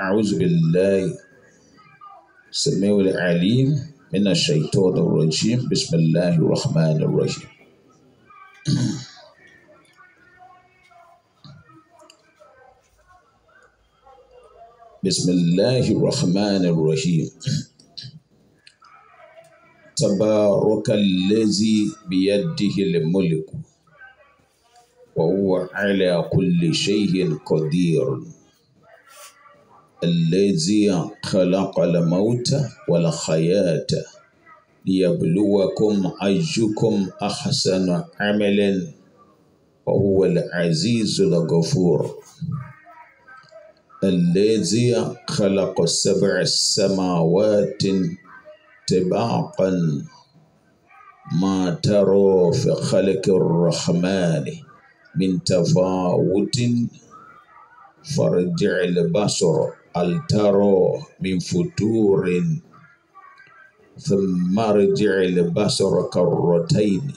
أعوذ بالله السميع العليم من الشيطان الرجيم بسم الله الرحمن الرحيم بسم الله الرحمن الرحيم تبارك الذي بيده الملك وهو على كل شيء قدير الذي خلق الموت والحياة ليبلوكم أيكم أحسن عملا وهو العزيز الغفور الذي خلق سبع السماوات تباقا ما ترى في خلق الرحمن من تفاوت فارجع البصر التارو من فتور ثم ارجع البصر كرتين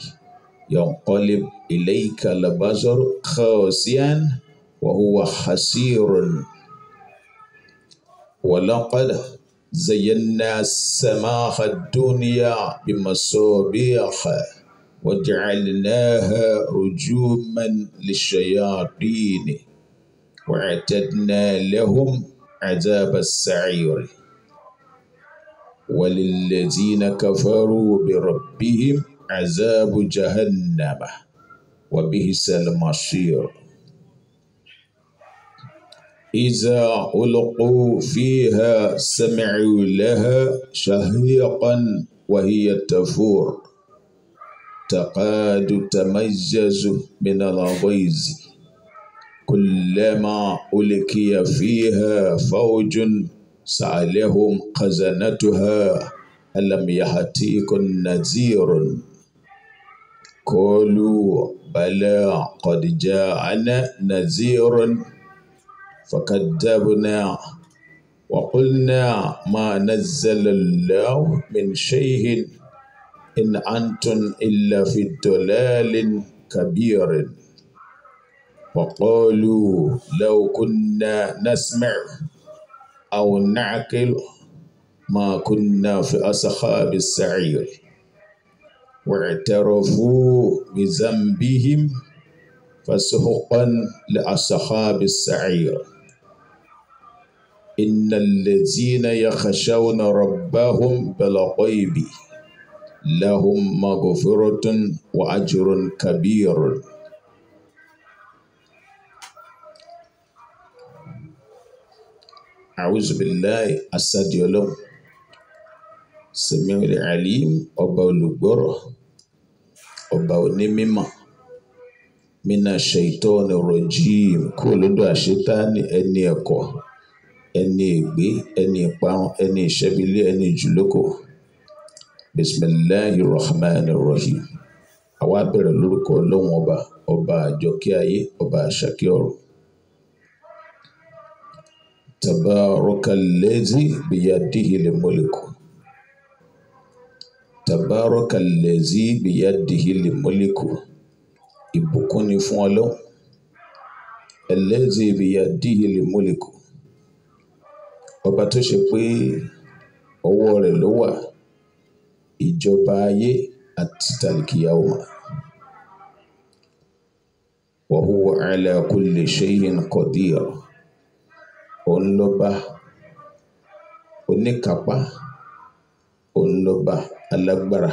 ينقلب إليك البصر خاسئا وهو حسير ولقد زينا السماء الدنيا بمصابيح وجعلناها رجوما للشياطين واعتدنا لهم عذاب السعير وللذين كفروا بربهم عذاب جهنم وبئس المصير إذا ألقوا فيها سمعوا لها شهيقا وهي تفور تقاد تميز من الغيظ كلما ألقي فيها فوج سألهم خزنتها ألم يهتيكم نذير قالوا بلى قد جاءنا نذير فكذبنا وقلنا ما نزل الله من شيء إن أنتم إلا في ضلال كبير وقالوا لو كنا نسمع أو نعقل ما كنا في أصحاب السعير واعترفوا بذنبهم فسحقا لأصحاب السعير إن الذين يخشون ربهم بالغيب لهم مغفرة وأجر كبير àwùzùbíláì asádìọlọ sèmíwìlì alim ọba olùgbọ́rọ̀ ọba onímímọ̀ mina ṣèitọ́ni rọ̀jìm kúrò lọ́dọ̀ àṣetáni ẹni ẹ̀kọ́ ẹni ègbé ẹni ìparun ẹni ìṣẹ́bílé ẹni ìjùlókò bisimilahi rahman rahim àwa bẹ̀rẹ̀ lórúkọ ọlọ́run ọba ọba àjọkí ayé ọba àṣàkí ọ̀run تبارك الذي بيده mọliku تبارك الذي بيده mọliku ìbùkún ni fún Ọlọ́run ẹlẹ́zi biyadihi le mọliku ọba tó ṣe pé ọwọ́ rẹ̀ ló wà ìjọba ayé àti tàlìkìyàwó wa huwa ala kulli shay'in qadir òun lọ́ba oníkápá òun lọ́ba alágbára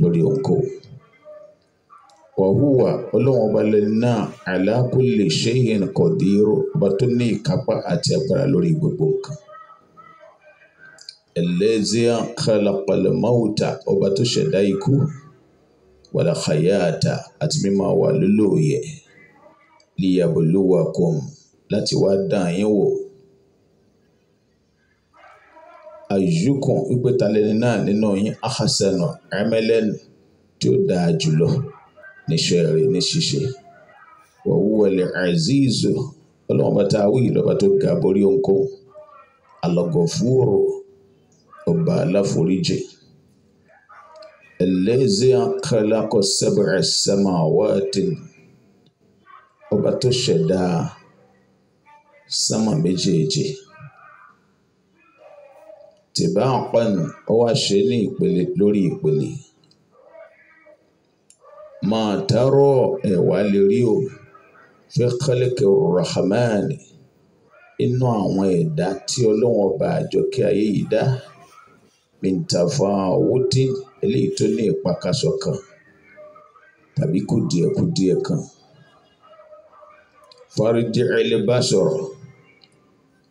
lórí ohunkóhun wàhúwà ọlọ́run ọba lẹni náà àlá kulli shay'in qadir ọba tó ní ìkápá àti agbára lórí gbogbo nǹkan allazi khalaqal mawta ọba tó ṣẹ̀dá ikú wal àti mímọ́ wà lólóòyẹ̀ liyabluwakum láti wá dán yín wò àyùkùn wípé talẹni náà nínú yín ahasanu amẹlẹnu tí ó dáa jùlọ níṣẹ́ rẹ̀ ní ṣíṣe wọwọlẹ azizu Ọlọ́run bá tá a wí tó ga borí ohunkóhun alọgọfúrò ọba aláforíjì ẹlẹ́zẹ̀ akẹ́lákọ̀ sẹ́bẹ̀rẹ̀ sẹ́mà wáàtì ọba tó ṣẹ̀dá sánmà méjèèjì tìbá àpẹnu ó wá ṣe ní ìpele lórí ìpele máa dárò ẹwà lè rí o fi kálíkì rahmani inú àwọn ẹ̀dá tí ọlọ́wọ́n bá àjọkí ayé yìí dá mintafa wúdín eléyìí tó ní ìpakasọ kan tàbí kùdìẹ̀kùdìẹ̀ kan fárídìí ẹlẹ́bá sọ̀rọ̀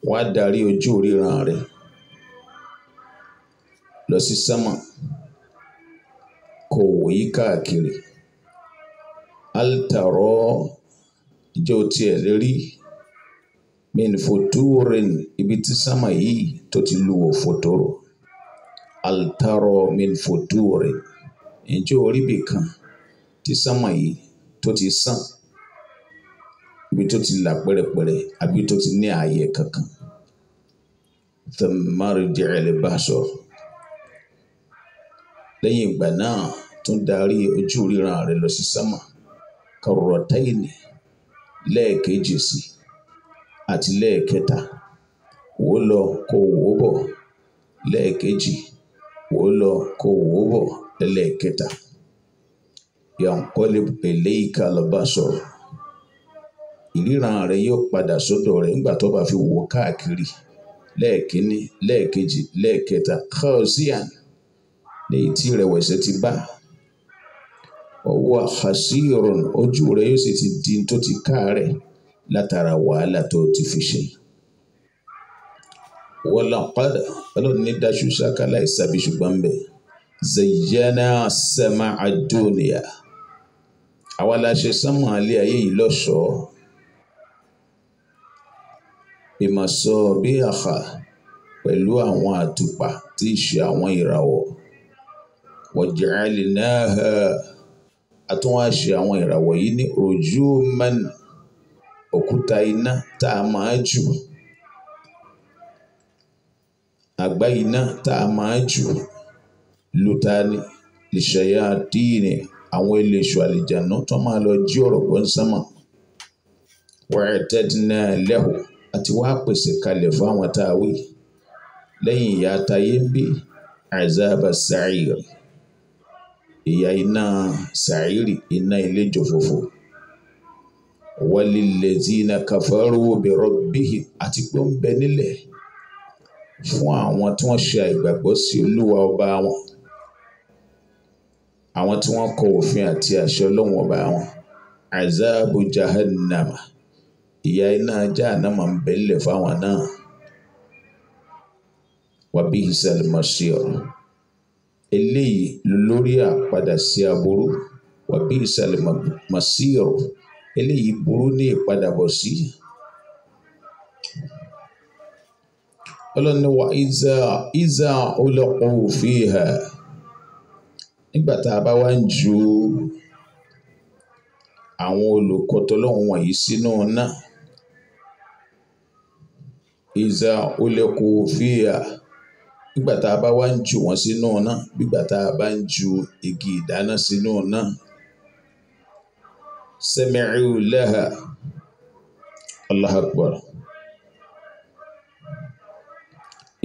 wá darí ojú ríran rẹ lọ sí sánmà kò wòye káàkiri altarọ ìjọ tiẹ̀ rí minfotoren ibi tí sánmà yìí tó ti luwọ fotoro altarọ minfotoren ìjọ orí bìkan tí sánmà yìí tó ti sàn ibi tó ti là pẹ́rẹpẹ̀rẹ àbí tó ti ní ààyè kankan tẹ̀mọ́rì jẹ́rẹ̀lẹ̀ bá sọ. lẹ́yìn ìgbà náà tún darí ojú ríran rẹ̀ lọ sí sámà kọ̀rọ̀ táyìnì lẹ́ẹ̀kejì sí àti lẹ́ẹ̀kẹta wò ó lọ kó wò ó bọ̀ lẹ́ẹ̀kejì wò ó lọ kó wò ó bọ̀ lẹ́ẹ̀kẹta yàǹkọ́lé eléyìí kálọ̀ bá sọ̀rọ̀ ìríran rẹ yóò padà sọ́dọ̀ rẹ̀ nígbà tó bá fi wò káàkiri lẹ́ẹ̀kínní lẹ́ẹ̀kejì lẹ́ẹ̀kẹta kọ́ọ̀síàn lèyí tí ìrẹ̀wẹ̀sẹ̀ ti bá ọwọ́ àhàsíìrùn ojú rẹ yóò sì ti di tó ti káàárẹ̀ látara wàhálà tó ti fi ṣe wọ́lá padà ọlọ́run ní dáṣù ṣáká láì sábì ṣùgbọ́n ń zayyana sama adoniya àwa la ṣe sánmọ̀ alẹ́ ayé yìí lọ́ṣọ̀ọ́ ìmọ̀sọ-bí-àhà pẹ̀lú àwọn àtùpà tí í ṣe àwọn ìràwọ̀ waj'alnaha a tún wá ṣe àwọn ìràwọ̀ yìí ní rujuman òkúta iná tá a máa jù àgbá iná tá a máa jù lutani lishayatin àwọn eléṣù àlìjànú tó máa lọ jí ọ̀rọ̀ gbọ́ ń sánmà àti wá pèsè kalẹ̀ fáwọn tá a wí lẹ́yìn ìyà àtayé ń bí àìsáàbà sàárì ìyà iná sàárì iná ilé jòfòfò walilladhina kafaru bi rabbihim àti pé ń bẹ nílẹ̀ fún àwọn tí wọ́n ṣe àìgbàgbọ́ sí olúwa ọba wọn àwọn tí wọ́n kọ òfin àti àṣẹ ọlọ́wọ́n ọba wọn àzáàbù jahannama ìyà iná jahannama ń bẹ nílẹ̀ fáwọn náà wàbí ìsàlùmọ̀ṣẹ́ ọ̀rọ̀ eléyìí lórí àpadà sí aburú wàbí ìsàlùmọ̀ṣẹ́ ọ̀rọ̀ eléyìí burú ní ìpadàbọ̀ sí. ọlọ́ni wa ìzà ìzà ọlọ́pọ̀ òfin hà nígbà tá a bá wá ń ju àwọn olùkọ́ tọ́lọ́hún wọ̀nyí sínú náà ìzà olẹkọ fìyà nígbà tá a bá wá ń jù wọn sínú náà nígbà tá a bá ń ju igi ìdáná sínú náà sami'u laha Allahu akbar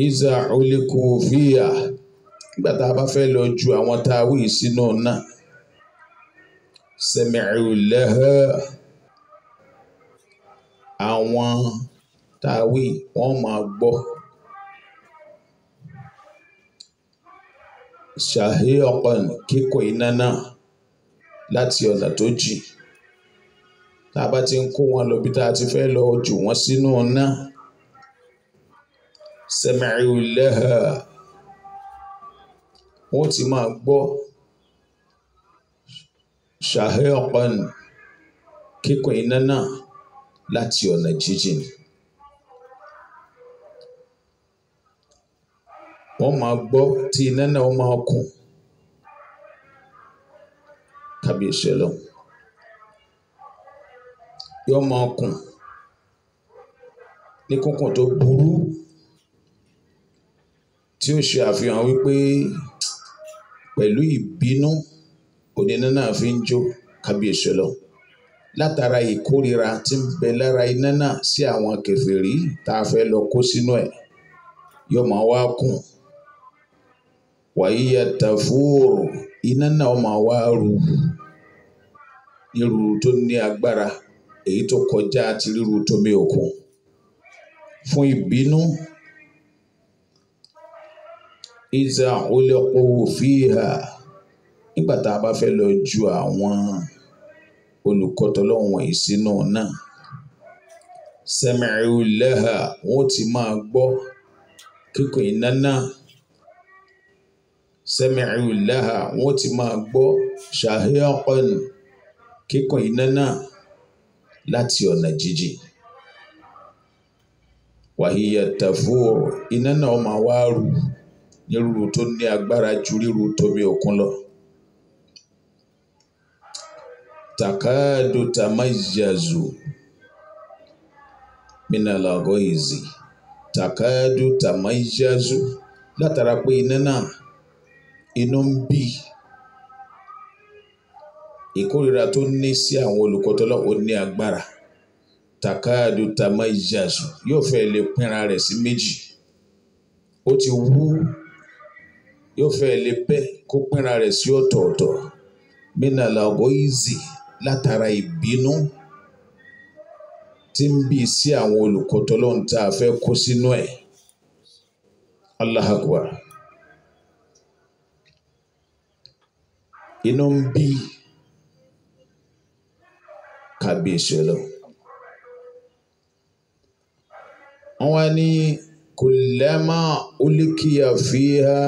ìzà olẹkọ fìyà nígbà tá a bá fẹ́ lọ ju àwọn tá a wí sínú náà sami'u laha àwọn tá a wí wọ́n máa gbọ́. Ṣàhíọ̀kan kíkó iná náà láti ọ̀nà tó jìn. Tá a bá ti ń kó wọn lọ bí tá a ti fẹ́ lọ jù wọ́n sínú iná. Sami'u Wọ́n ti máa gbọ́ ṣàhíọ̀kan kíkó iná náà láti ọ̀nà jíjìn. wọ́n máa gbọ́ tí iná náà wọ́n máa kùn kábíyèsí ọlọ́run yóò máa kùn ní kúnkùn tó burú tí ó ṣe àfihàn wípé pẹ̀lú ìbínú oníná náà fi ń jó kábíyèsí ọlọ́run látara ìkórira tí ń bẹ lára iná náà sí àwọn kèfèrí tá a fẹ́ lọ kó sínú ẹ̀ yóò máa wá kùn wàyíyá tafóòrò iná náà máa wá rúru irú tó ní agbára èyí tó kọjá ti ríru tómi òkun fún ìbínú ìza olèpo fíhà nígbà tá a bá fẹ́ lọ ju àwọn olùkọ́tọ̀lọ́wọ̀n wọ̀nyí sínú náà sẹ́mẹ̀rì lẹ́hà wọ́n ti máa gbọ́ kíkùn iná náà sẹ́mẹ̀rù lẹ́hà wọ́n ti máa gbọ́ ṣàhíọ́kọ́n kíkan iná náà láti ọ̀nà jíjìn wàhíyà tàfóòrò iná náà máa wá rú ní rúru tó ní agbára ju ríru tómi òkun lọ takadu tamayazu minalagoizi takadu tamayazu látara pé iná náà inú ń bí ìkórira tó ní sí àwọn olùkọ́ tọ́lọ́ ní agbára takadu tamayazu yóò fẹ́ lè pínra rẹ̀ sí méjì ó ti wú yóò fẹ́ lè pẹ́ kó pínra rẹ̀ sí ọ̀tọ̀ọ̀tọ̀ mínàlá ọ̀gọ́yìzì látara ìbínú tí ń bí sí àwọn olùkọ́ fẹ́ kó sínú ẹ̀ inú ń bí kábíyèsí ọlọ́run wọ́n wá ní kullama ulikiya fiha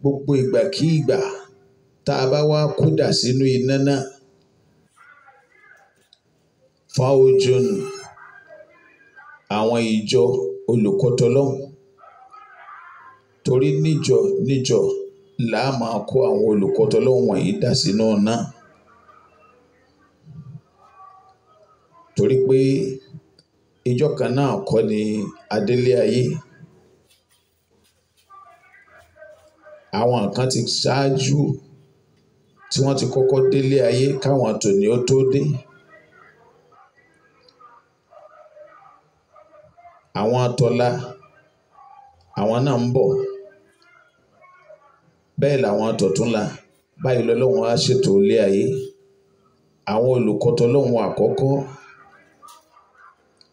gbogbo ìgbàkígbà tá a bá wá kúdà sínú iná náà fáwọjọ́n àwọn ìjọ olùkọ́tọ́lọ́hún torí níjọ níjọ là á máa kó àwọn olùkọ́ tọlọ́hun wọ̀nyí dà sínú náà torí pé ìjọ kan náà kọ́ ni adélé ayé àwọn kan ti ṣáájú tí wọ́n ti kọ́kọ́ délé ayé káwọn tòní ó tó dé. àwọn atọ́lá àwọn náà ń bọ̀ bẹ́ẹ̀ làwọn tọ̀túnla báyìí lọ́lọ́run á ṣètò ilé ayé àwọn olùkọ́tọ́lọ́hún àkọ́kọ́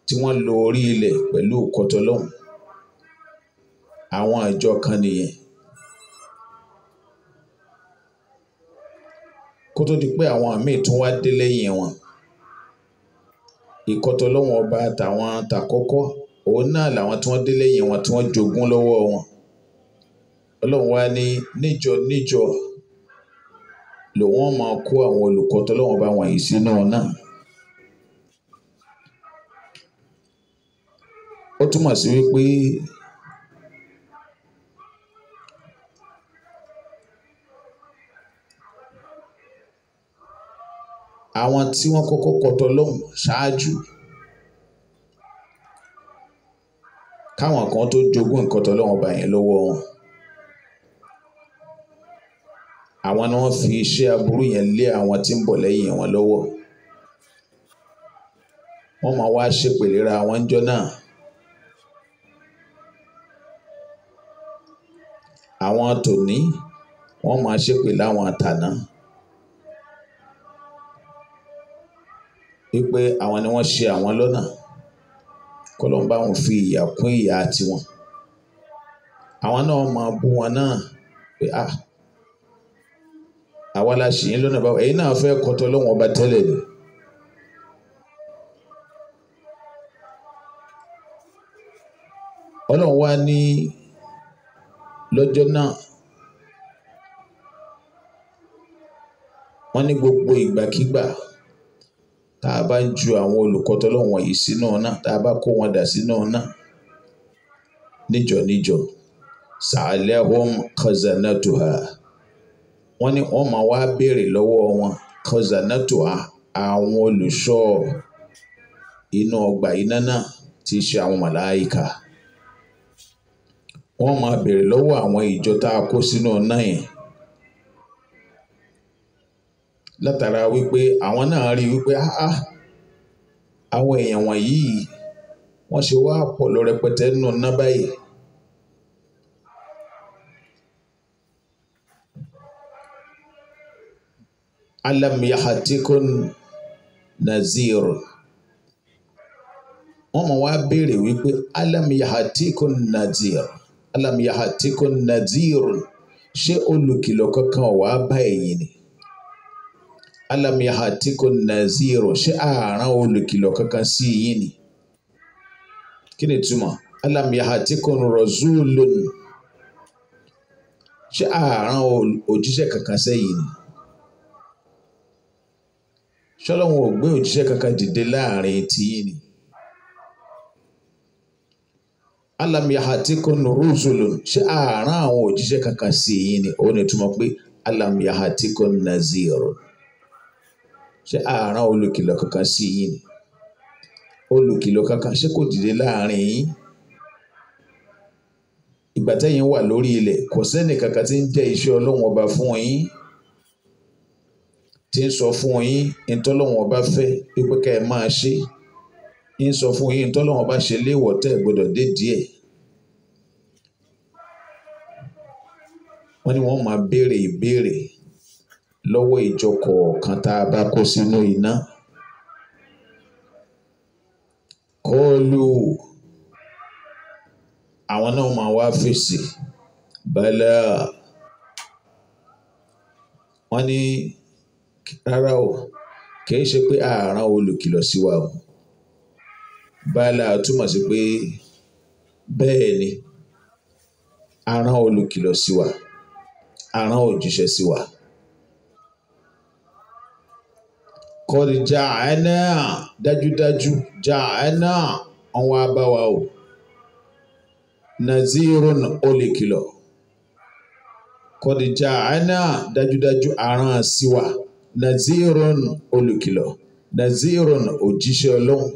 tí wọ́n lo orí ilẹ̀ pẹ̀lú kọ́tọ́lọ́hún àwọn àjọ kan nìyẹn kó tó di pé àwọn míì tún wá dé lẹ́yìn wọn ìkọ́tọ́lọ́hún ọba àtàwọn tàkọ́kọ́ òun náà làwọn tí wọ́n dé lẹ́yìn wọn tí wọ́n jogún lọ́wọ́ wọn ọlọ́run wá ní níjọ níjọ lòun máa kó àwọn olùkọ́ tọ́lọ́run bá wọ̀nyí sínú náà. ó túmọ̀ sí wípé àwọn tí wọ́n kọ́kọ́ kọtọ lọ́hùn ṣáájú káwọn kan tó jogún ìkọtọ lọ́hùn ọba yẹn lọ́wọ́ wọn. àwọn ni wọ́n fi iṣẹ́ aburú yẹn lé àwọn tí ń bọ̀ lẹ́yìn wọn lọ́wọ́ wọ́n máa wá ṣépè léra àwọn ń jọ náà àwọn tòní wọ́n máa ṣépè láwọn àtàná wípé àwọn ni wọ́n ṣe àwọn lọ́nà kọlọ́mbà wọn fi ìyà kún ìyà tiwọn àwọn náà máa bú wọn náà pé ah àwa la ṣì yín lọ́nà báwo ẹ̀yin náà fẹ́ kọ́tọ́ lọ́wọ́n ọba tẹ́lẹ̀ ni. ọlọ́run wá ní lọ́jọ́ náà wọ́n ní gbogbo ìgbàkígbà tá a bá ń ju àwọn olùkọ́ tọ́lọ́run wọ̀nyí sínú ọ̀nà tá a bá kó wọn dà sínú ọ̀nà níjọ níjọ sàlẹ̀ hom kazanatuha wọn ní wọn máa wá béèrè lọ́wọ́ wọn kọsánátò àwọn olùṣọ́ inú ọgbà iná náà tí í ṣe àwọn màláìka wọn máa béèrè lọ́wọ́ àwọn ìjọ tá a kó sínú ọ̀nà yẹn látara wípé àwọn náà rí wípé ah, ah àwọn èèyàn wọ̀nyí wọ́n ṣe wá pọ̀ lọ rẹpẹtẹ nínú ọ̀nà báyìí alam yahatikum nazir wọ́n mọ̀ wá béèrè wípé alam yahatikum nazir alam yahatikum nazir ṣé olùkìlọ̀ kankan wà bá ẹ̀yin ni alam yahatikum nazir ṣé ààrán olùkìlọ̀ kankan sí yín ni kí ni túmọ̀ alam yahatikum rasulun ṣé ààrán òjíṣẹ́ kankan sẹ́yìn ni ṣọ́lọ́hun ò gbé òjíṣẹ́ kankan dìde láàrin tiyín ni alam yahatikun rusulun ṣé àárín àwọn òjíṣẹ́ kankan sí yín ni ó ní túmọ̀ pé alam yahatikun nazir ṣé àárín olùkìlọ̀ kankan sí yín ni olùkìlọ̀ kankan ṣé kò dìde láàrin yín ìgbà tẹ́yin wà lórí ilẹ̀ kò sẹ́nì kankan tí ń jẹ́ iṣẹ́ ọlọ́run ọba fún yín tí ń sọ fún yín ìtọ́lọ́wọ́n bá fẹ́ pípẹ́ ká ẹ máa ṣe ń sọ fún yín ìtọ́lọ́wọ́n bá ṣe léèwọ̀ tẹ́ ẹ gbọ́dọ̀ dé díẹ̀. wọ́n ní wọ́n máa béèrè ìbéèrè lọ́wọ́ ìjọ kọ̀ọ̀kan tá a bá kó sínú iná. kọ́ọ̀lù àwọn náà máa wá fèsì bẹ́lẹ́ wọ́n ní. Ni rárá o kì í ṣe pé a rán olùkìlọ̀ sí wa o bala túmọ̀ sí pé bẹ́ẹ̀ ni a rán olùkìlọ̀ sí wa a òjíṣẹ́ sí wa. kọ́ni já ẹ dájúdájú já ẹ ọ̀hún abáwa o nazirun olùkìlọ̀ kọ́ni já ẹ náà dájúdájú a rán sí wa. na-zi-i-ru-nụ nazirun olùkìlọ̀ nazirun òjíṣẹ́ ọlọ́run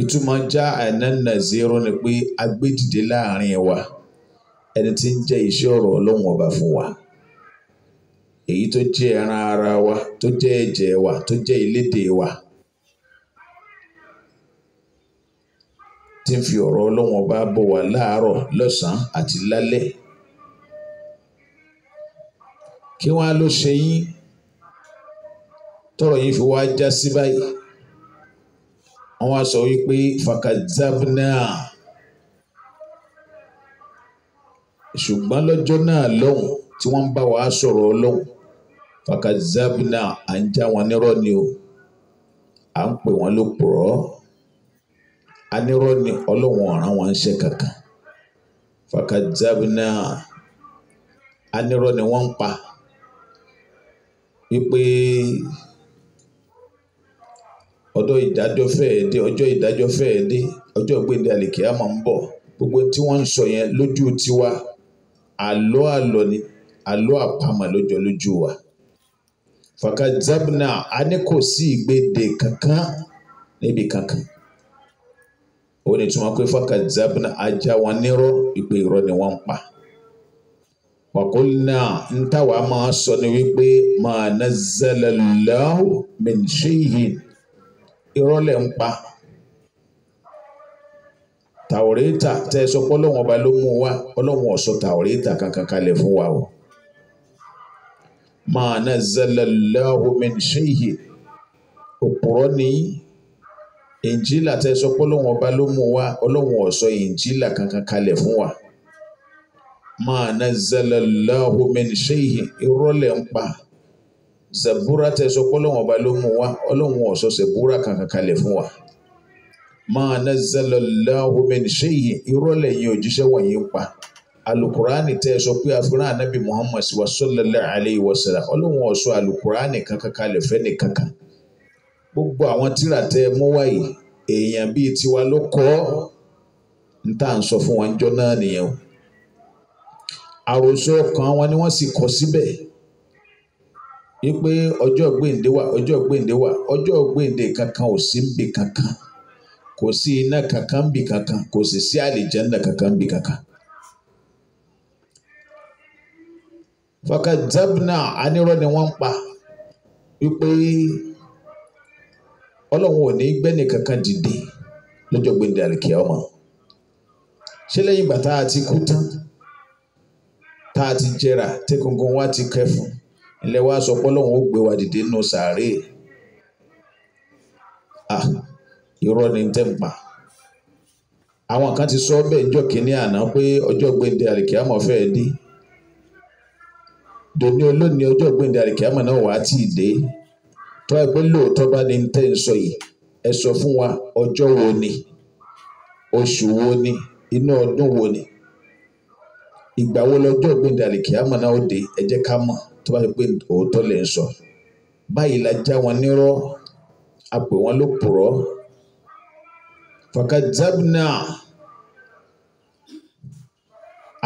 ìtumọ̀ já àná nazirun ni pé agbẹ́dìde láàrin wa ẹni tí ń jẹ́ iṣẹ́ ọ̀rọ̀ ọlọ́run ọba fún wa èyí tó jẹ́ ẹran ara wa tó jẹ́ ẹ̀jẹ̀ wa tó jẹ́ ìlédè wa. tí ń fi ọ̀rọ̀ ọlọ́run ọba bọ̀ wá láàárọ̀ lọ́sàn-án àti lálẹ́ kí wọ́n á ló ṣe yín tọrọ yìí fi wá já sí báyìí wọ́n wá sọ wípé fakazabna ṣùgbọ́n lọ́jọ́ náà lọ́hùn tí wọ́n bá wa sọ̀rọ̀ ọlọ́hùn fakazabna à ń já wọn nírọ́ ni o à ń pè wọ́n ló purọ́. anirọ ni ọlọ́run ọ̀ràn wọn ṣe kankan fakadzabna anirọ ni wọn pa wípé ọjọ́ ìdájọ́ fẹ́ẹ́ dé ọjọ́ ìdájọ́ fẹ́ẹ́ dé ọjọ́ ìgbéǹde àlèkè àmọ́ ń bọ̀ gbogbo tí wọ́n ń sọ yẹn lójú tiwa àlọ́ àlọ́ ni àlọ́ àpamọ̀ lọ́jọ́ lójú wa fakadzabna a ní kò sí ìgbéǹde kankan níbi kankan. ó ní túmọ̀ pé fakazabna ajá wọn nírọ́ ìpè irọ́ ni wọ́n ń pa wàkúnná ntàwa máa sọ ni wípé máa nazzalallahu min shay'in irọ́ lẹ̀ ń pa tàwọ̀rẹ́ta tẹ́ ẹ sọ pé ọlọ́wọ́n ọba ló mú wa ọlọ́wọ́n ọ̀sọ tàwọ̀rẹ́ta kankan kalẹ̀ fún wa o máa nazzalallahu min shay'in òpùrọ́ nìyí ìnjílà tẹ sọ pé ọlọ́run ọba ló mú wa ọlọ́run ò sọ ìnjílà kankan kalẹ̀ fún wa máa nazzala Allahu min ìrọ́lẹ̀ ń pa zabura tẹ sọ pé ọlọ́run ọba ló mú wa ọlọ́run ò sọ zabura kankan kalẹ̀ fún wa máa nazzala Allahu min shay'in ìrọ́lẹ̀ yìí òjíṣẹ́ wọ̀nyí ń pa alukurani tẹ sọ pé àfihàn anabi Muhammad wa sallallahu alayhi wa sallam ọlọ́run ò alukurani kankan kalẹ̀ fẹ́ni kankan. gbogbo àwọn tíra tẹ mú wáyé èèyàn bíi tiwa ló kọ ọ n tá à ń sọ fún wọn jọ náà nìyẹn o àròsọ ọkàn wọn ni wọn sì kọ si wípé ọjọ́ gbèǹde wà ọjọ gbèǹde wà ọjọ gbèǹde kankan ò sí nbì kankan kò sí iná kankan nbì kankan kò sì sí àlìjẹ́nà kankan nbì kankan. fakadzabna anirọ́ ni wọ́n ń pa wípé. ọlọ́run ò ní gbẹ́ni kankan dìde lọ́jọ́ gbẹ̀ndẹ̀ àlìkíá ọmọ ṣé lẹ́yìn ìgbà a ti kú tán a ti jẹrà tí wa ti kẹfùn ilẹ̀ wa sọ pé ọlọ́run gbé wa dìde sàárè ni ń pa àwọn kan ti sọ bẹ́ẹ̀ kínní àná pé ọjọ́ dòní ọjọ́ náà tì í tó ẹ pé lóòótọ́ bá ní tẹ́ ń sọ yìí ẹ sọ fún wa ọjọ́ wo ni oṣù wo ni inú ọdún wo ni ìgbà wo lọ́jọ́ gbẹ̀dàlì kìámà náà ó dé ká mọ̀ tó bá ti pé òótọ́ lè ń sọ wọn nírọ́ a pè ló pùrọ́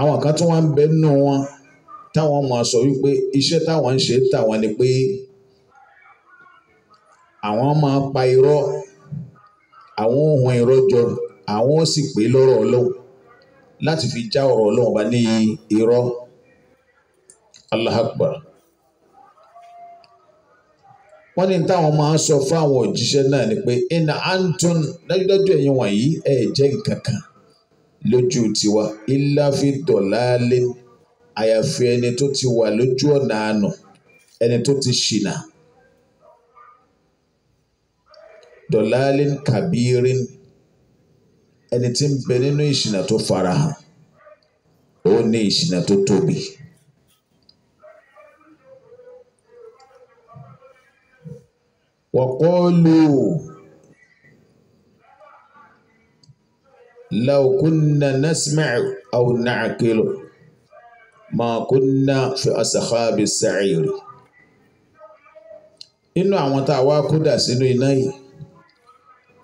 àwọn kan wọn ni pé. àwọn máa pa irọ́ àwọn ò hàn irọ́ jọ àwọn ò sì pé lọ́rọ̀ ọlọ́run láti fi já ọ̀rọ̀ ọlọ́run bá ní irọ́ aláàgbà Akbar wọ́n ní táwọn máa ń sọ fún àwọn òjíṣẹ́ náà ni pé ina anton dájúdájú ẹ̀yin wọ̀nyí ẹ̀ jẹ́ nǹkan kan lójú tiwa iláfi dọ̀láálé àyàfi ẹni tó ti wà lójú ọ̀nà àná ẹni tó ti ṣìnà dọ̀láàlín kàbíírín ẹni tí ń bẹ nínú ìṣìnà tó farahàn ó ní ìṣìnà tó tóbi. وقالوا لو كنا نسمع أو نعقل ما كنا في أصحاب السعير inú àwọn tá a wá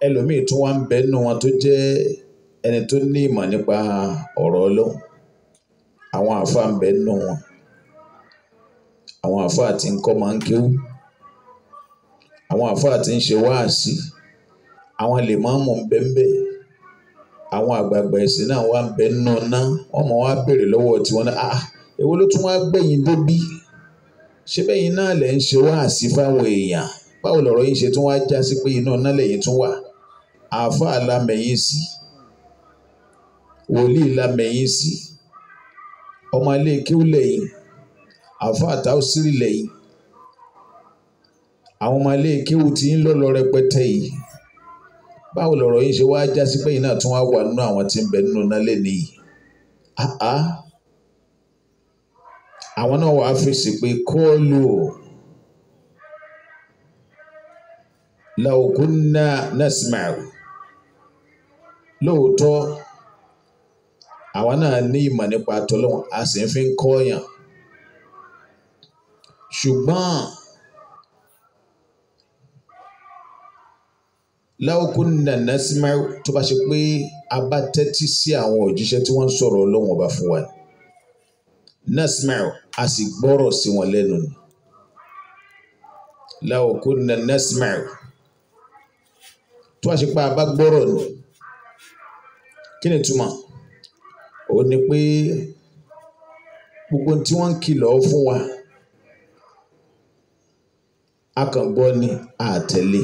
ẹlòmíì tún wá ń bẹ nínú wọn tó jẹ́ ẹni tó ní ìmọ̀ nípa ọ̀rọ̀ ọlọ́run àwọn àáfàá ń bẹ nínú wọn àwọn àáfàá tí ń máa ń kéwú àwọn àáfàá tí ń ṣe wáàsí àwọn lèmọ́ọ̀mù ń bẹ ń bẹ àwọn àgbààgbà ẹ̀sìn náà wá ń bẹ nínú ná wọ́n mọ̀ wá béèrè lọ́wọ́ tiwọn náà ah èwo ló tún wá gbẹ̀yìn débí ṣé bẹ́yìn náà lẹ̀ ń ṣe wáàsí fáwọn èèyàn báwo lọ̀rọ̀ yìí ṣe tún wá já sí pé iná náà lẹ́yìn tún wà àáfàá lámẹ̀yìn sí wòlíì lámẹ̀yìn sí ọmọ ilé kíú lẹ́yìn àáfàá táwọ́sírì lẹ́yìn àwọn ọmọ ilé kíú ti ń lọ́lọ́ rẹpẹtẹ yìí báwo lọ̀rọ̀ yìí ṣe wá já sí pé náà tún wá wà nínú àwọn tí ń bẹ nínú nálẹ́ nìyí àá àwọn náà wàá fèsì pé kọ́ọ̀lù o. law kunna nasma'u lóòótọ́ àwa náà ní ìmọ̀ nípa tọ́lọ́hún a sì ń fi ń kọ́ yàn ṣùgbọ́n láwùkún nàná símá tó bá ṣe pé a bá tẹ́tí sí àwọn òjíṣẹ́ tí wọ́n sọ̀rọ̀ ọlọ́wọ́n ọba fún wa nasma a sì gbọ́rọ̀ sí wọn lẹ́nu ni láwùkún nàná símá tó bá ṣe pé a bá gbọ́rọ̀ nù kí ni ìtumọ̀ ó ní pé gbogbo tí wọ́n ń kìlọ̀ fún wa a kàn gbọ́ ni àtẹ̀lé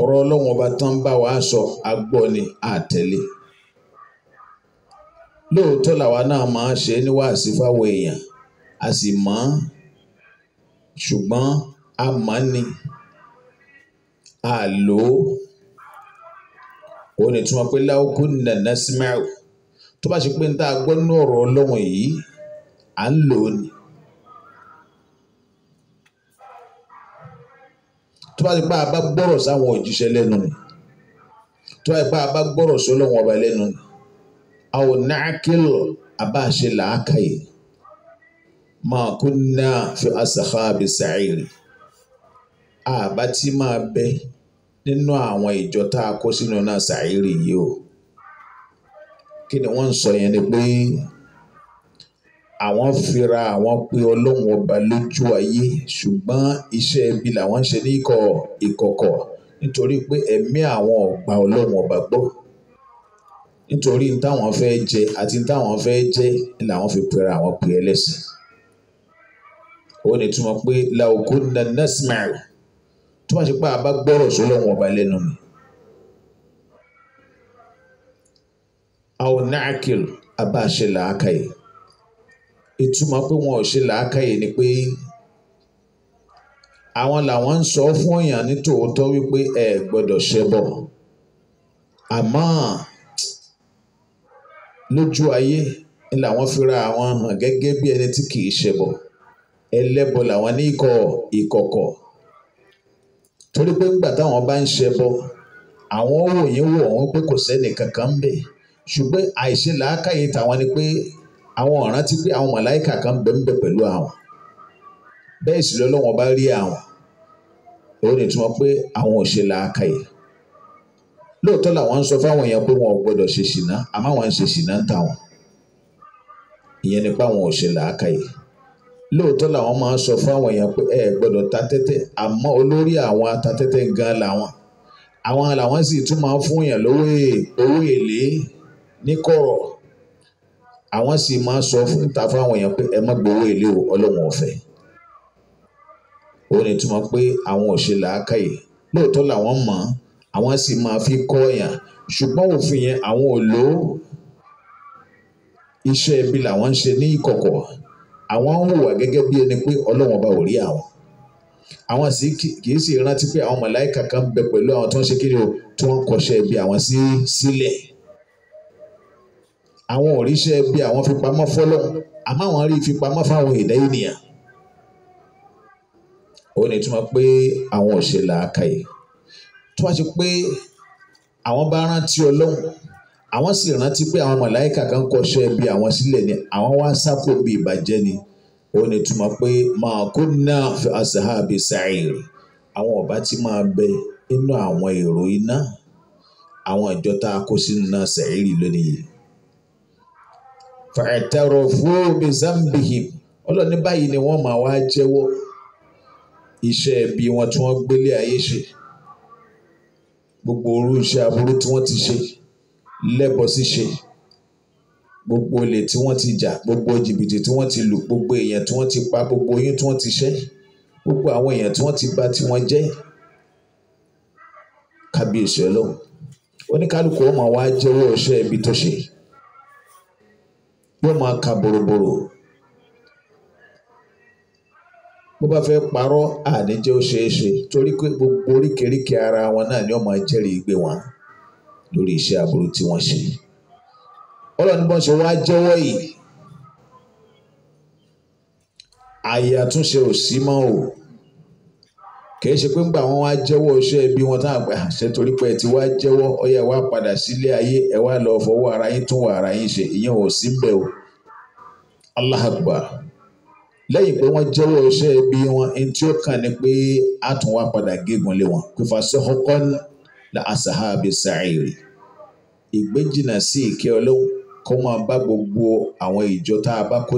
ọ̀rọ̀ ọlọ́run ọba tán bá wa sọ agbọ́ ni àtẹ̀lé lóòótọ́ làwa náà máa ṣe níwáàsí fáwọn èèyàn a sì mọ̀ ṣùgbọ́n a mọ̀ ni a lò ó ó ní túmọ̀ pé láwùkú nàná símáù tó bá ṣe pé ń tá a gbọ́ nínú ọ̀rọ̀ ọlọ́wọ̀n yìí à ń lò ó ni. tó bá ṣe pé a bá gbọ́rọ̀ sáwọn òjíṣẹ́ lẹ́nu ni tó bá ṣe pé a bá gbọ́rọ̀ sọ́lọ́wọ́n ọba lẹ́nu ni a ò ní àkìlọ̀ àbá ṣe làákàyè máa kú náà fi àṣàkà àbí sàárè àbá tí máa bẹ́ẹ̀ nínú àwọn ìjọ tá a kó sínú náà sàárì yìí o kí ni wọ́n ń sọ yẹn ni pé àwọn fira àwọn pé ọlọ́run ọba lójú ayé ṣùgbọ́n iṣẹ́ ibi làwọn ń ṣe ní ikọ̀ ìkọ̀kọ̀ nítorí pé ẹ̀mí àwọn ọ̀gbà ọlọ́run ọba gbọ́ nítorí ní táwọn fẹ́ jẹ àti ní táwọn fẹ́ jẹ ni làwọn fi pera àwọn pè ẹlẹ́sìn ó ní túmọ̀ pé laukun na tó bá ṣe pé a bá gbọ́rọ̀ sọ́lọ́wọ́n ọba lẹ́nu mi. àwọn náàkìl abá ṣe làákàyè ìtumọ̀ pé wọn ò ṣe làákàyè ni pé àwọn làwọn ń sọ fún èèyàn ní tòótọ́ wípé ẹ gbọ́dọ̀ ṣẹbọ àmọ́ lójú ayé ni làwọn fira àwọn hàn gẹ́gẹ́ bí ẹni tí kì í ṣẹbọ ẹlẹ́bọ làwọn ní ìkọ̀ ìkọ̀kọ̀ torí pé ńgbà táwọn bá ń ṣẹbọ àwọn wòyìn wò wọn pé kò sẹ́ni kankan ń bẹ ṣùgbọ́n àìṣe làákàyè tàwọn ni pé àwọn ọ̀ràn ti pé àwọn màláìkà kan bẹ ń bẹ pẹ̀lú àwọn bẹ́ẹ̀ sì lọ́lọ́wọ́n bá rí àwọn òun ni túmọ̀ pé àwọn ò ṣe làákàyè lóòótọ́ làwọn ń sọ fáwọn èèyàn pé wọn ò gbọdọ̀ ṣe ṣìnà àmọ́ àwọn ń ṣe ṣìnà ń tàwọn ìyẹn ni pé àwọn ò ṣe làákàyè lóòótọ́ làwọn máa ń sọ fún àwọn èèyàn pé ẹ gbọ́dọ̀ ta tẹ́tẹ́ àmọ́ olórí àwọn atatẹ́tẹ́ gan làwọn àwọn làwọn sì tún máa ń fún èèyàn lówó owó èlé níkọ̀rọ̀ àwọn sì máa ń sọ fún ta fún àwọn èèyàn pé ẹ má gbowó èlé o ọlọ́wọ́n ọ̀fẹ́ ó ní túmọ̀ pé àwọn ò ṣe làákàyè lóòótọ́ làwọn mọ̀ àwọn sì máa fi kọ́ èèyàn ṣùgbọ́n òfin yẹn àwọn ò lò ó iṣẹ́ ibi làwọn ń ṣe ní ìkọ̀kọ̀ àwọn ń hùwà gẹ́gẹ́ bí ẹni pé ọlọ́wọ́n bá ò rí àwọn àwọn sì kì í sì rántí pé àwọn màláìka kan ń bẹ pẹ̀lú àwọn tó ń ṣe kíni o tí wọ́n kọṣẹ́ bí àwọn sí sílẹ̀ àwọn òríṣẹ́ bí àwọn fipamọ́ fọ́lọ́ àmọ́ àwọn rí fipamọ́ fáwọn ìdá ènìyàn ó ní túmọ̀ pé àwọn òṣèlú àkàyè tó wá ṣe pé àwọn bá rántí ọlọ́run àwọn sì rántí pé àwọn màláìka kan kọṣẹ́ bí àwọn sílẹ̀ ni àwọn wá sápò bí ìbàjẹ́ ni ó ní túmọ̀ pé máa kó náà fi asahabi sa'iri àwọn ọba tí máa bẹ inú àwọn èrò iná àwọn ìjọ tá a kó sínú náà sa'iri lónìí. fàtàrọ̀ fún mi zambihim ọlọ́ni báyìí ni wọ́n máa wá jẹ́wọ́ iṣẹ́ bí wọ́n tí wọ́n gbélé ayé ṣe gbogbo orú iṣẹ́ aburú tí wọ́n ti ṣe lẹ́bọ ṣíṣe gbogbo olè tí wọ́n ti jà gbogbo jìbìtì tí wọ́n ti lù gbogbo èèyàn tí wọ́n ti pa gbogbo oyún tí wọ́n ti ṣẹ́ gbogbo àwọn èèyàn tí wọ́n ti bà tiwọn jẹ́ kábíyèsí ọlọ́run oníkálukú ọmọ wa jẹ́wọ́ ọṣẹ́ ibi tó ṣe yóò máa ka bòròbòrò bó bá fẹ́ parọ́ àníjẹ́ ó ṣeé torí pé gbogbo oríkèéríkèé ara wọn náà ni ó máa jẹ́rìí gbé wọn lórí iṣẹ́ aburú tí wọ́n ṣe ọlọ́ni bọ́n ṣe wá jẹ́wọ́ yìí àyè àtúnṣe ò sí mọ́ o kìí ṣe pé ńgbà wọn wá jẹ́wọ́ iṣẹ́ ẹbí wọn táwọn àgbà ṣe torí pé ẹ ti wá jẹ́wọ́ ọyẹ wá padà sílé ayé ẹ wá lọ fọwọ́ ara yín tún wà ara yín ṣe ìyẹn ò sí bẹ́ẹ̀ o Allahu lẹ́yìn pé wọ́n jẹ́wọ́ iṣẹ́ ẹbí wọn ẹni tí ó kàn ní pé a padà gégùn lé wọn kò fà la asahabi sa'iri ìgbéjìnà sí ìkẹ́ ọlọ́run kó máa bá gbogbo àwọn ìjọ tá a bá kó